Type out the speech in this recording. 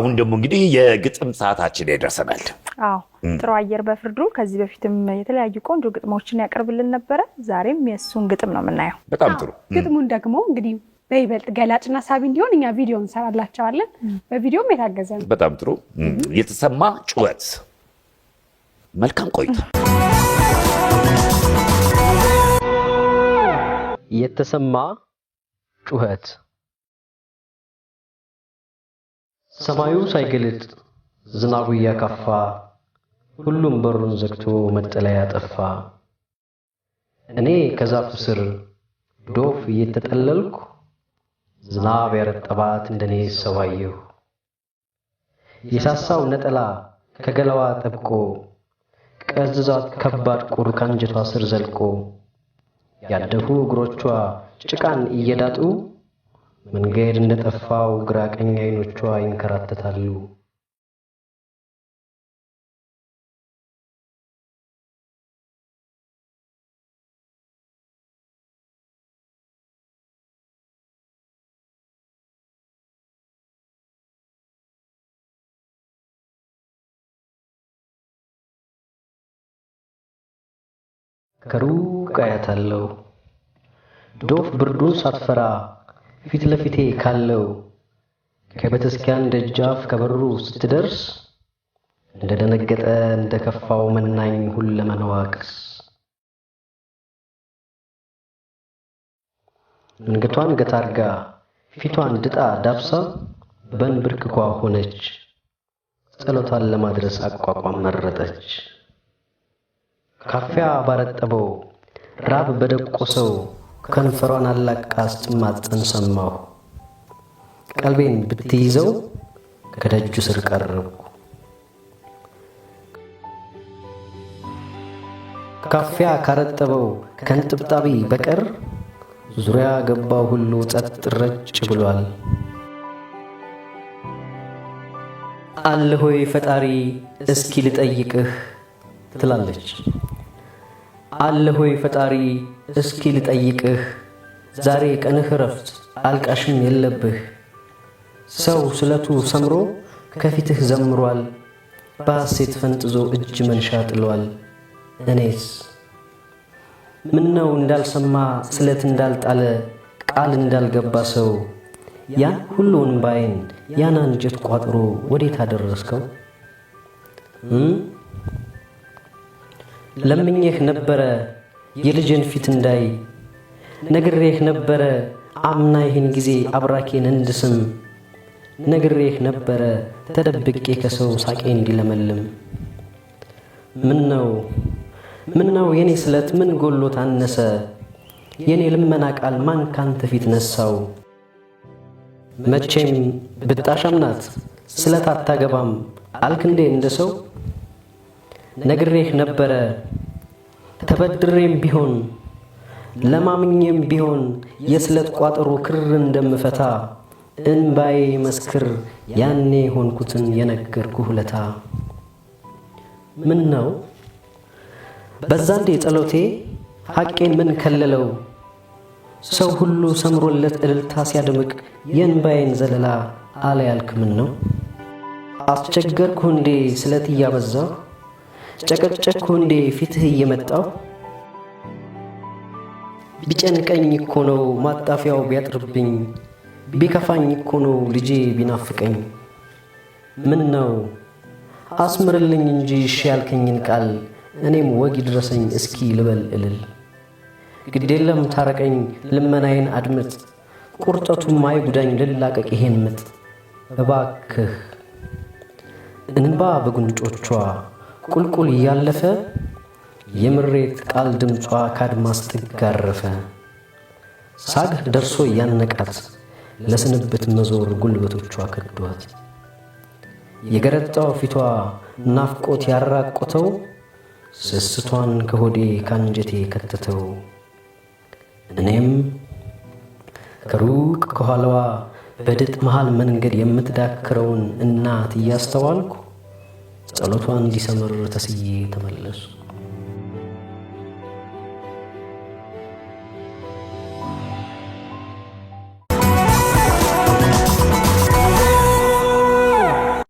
አሁን ደግሞ እንግዲህ የግጥም ሰዓታችን ደርሰናል። አዎ ጥሩ አየር በፍርዱ ከዚህ በፊትም የተለያዩ ቆንጆ ግጥሞችን ያቀርብልን ነበረ። ዛሬም የእሱን ግጥም ነው የምናየው። በጣም ጥሩ። ግጥሙን ደግሞ እንግዲህ በይበልጥ ገላጭና ሳቢ እንዲሆን እኛ ቪዲዮ እንሰራላቸዋለን። በቪዲዮም የታገዘ ነው። በጣም ጥሩ። የተሰማ ጩኸት። መልካም ቆይታ። የተሰማ ጩኸት ሰማዩ ሳይገልጥ ዝናቡ እያካፋ ሁሉም በሩን ዘግቶ መጠለያ ጠፋ። እኔ ከዛፉ ስር ዶፍ እየተጠለልኩ ዝናብ ያረጠባት እንደኔ ሰው አየሁ። የሳሳው ነጠላ ከገላዋ ጠብቆ ቀዝዛት ከባድ ቁር ከአንጀቷ ስር ዘልቆ ያደፉ እግሮቿ ጭቃን እየዳጡ መንገድ እንደጠፋው ግራ ቀኝ አይኖቿ ይንከራተታሉ። ከሩቅ አያታለሁ ዶፍ ብርዱን ሳትፈራ ፊት ለፊቴ ካለው ከቤተክርስቲያን ደጃፍ ከበሩ ስትደርስ እንደደነገጠ እንደከፋው መናኝ ሁለመናዋ ቅስ አንገቷን ገታርጋ ፊቷን ድጣ ዳብሳ በንብርክኳ ሆነች። ጸሎቷን ለማድረስ አቋቋም መረጠች። ካፊያ ባረጠበው ራብ በደቆሰው ከንፈሯን አላቅቃ ስትማጠን ሰማሁ። ቀልቤን ብትይዘው ከደጁ ስር ቀረብኩ። ካፊያ ካረጠበው ከንጥብጣቢ በቀር ዙሪያ ገባው ሁሉ ጸጥ ረጭ ብሏል። አለሆይ ፈጣሪ እስኪ ልጠይቅህ ትላለች። አለ ሆይ ፈጣሪ እስኪ ልጠይቅህ፣ ዛሬ ቀንህ እረፍት አልቃሽም የለብህ። ሰው ስለቱ ሰምሮ ከፊትህ ዘምሯል፣ በሐሴት ፈንጥዞ እጅ መንሻ ጥሏል። እኔስ ምነው እንዳልሰማ ስለት እንዳልጣለ ቃል እንዳልገባ ሰው ያን ሁሉ እንባዬን ያን አንጀት ቋጥሮ ወዴት አደረስከው? ለምኜህ ነበረ የልጅን ፊት እንዳይ ነግሬህ ነበረ አምና ይህን ጊዜ አብራኬን እንድስም ነግሬህ ነበረ ተደብቄ ከሰው ሳቄ እንዲለመልም ምን ነው ምን ነው የኔ ስለት ምን ጎሎት አነሰ የኔ ልመና ቃል ማን ካንተ ፊት ነሳው መቼም ብጣሻም ናት ስለት አታገባም አልክ እንዴ እንደ ሰው ነግሬህ ነበረ። ተበድሬም ቢሆን ለማምኜም ቢሆን የስለት ቋጠሮ ክር እንደምፈታ እንባዬ መስክር ያኔ ሆንኩትን የነገርኩ ሁለታ ምን ነው በዛንዴ ጸሎቴ ሐቄን ምን ከለለው? ሰው ሁሉ ሰምሮለት እልልታ ሲያደምቅ የእንባዬን ዘለላ አለያልክ ምን ነው አስቸገርኩ እንዴ ስለት እያበዛ ጨቀጨቅኩ እንዴ ፊትህ እየመጣው ቢጨንቀኝ እኮ ነው ማጣፊያው ቢያጥርብኝ ቢከፋኝ እኮ ነው ልጄ ቢናፍቀኝ ምን ነው አስምርልኝ እንጂ እሺ ያልከኝን ቃል እኔም ወግ ይድረሰኝ እስኪ ልበል እልል ግዴለም ታረቀኝ ልመናዬን አድምጥ ቁርጠቱም አይጉዳኝ ጉዳኝ ልላቀቅ ይሄን ምጥ እባክህ እንባ በጉንጮቿ ቁልቁል እያለፈ የምሬት ቃል ድምጿ ካድማስ ጥግ አረፈ። ሳግ ደርሶ እያነቃት ለስንብት መዞር ጉልበቶቿ ከዷት። የገረጣው ፊቷ ናፍቆት ያራቆተው ስስቷን ከሆዴ ካንጀቴ ከተተው። እኔም ከሩቅ ከኋላዋ በድጥ መሃል መንገድ የምትዳክረውን እናት እያስተዋልኩ ጸሎቷን እንዲሰምር ተስዬ ተመለሱ።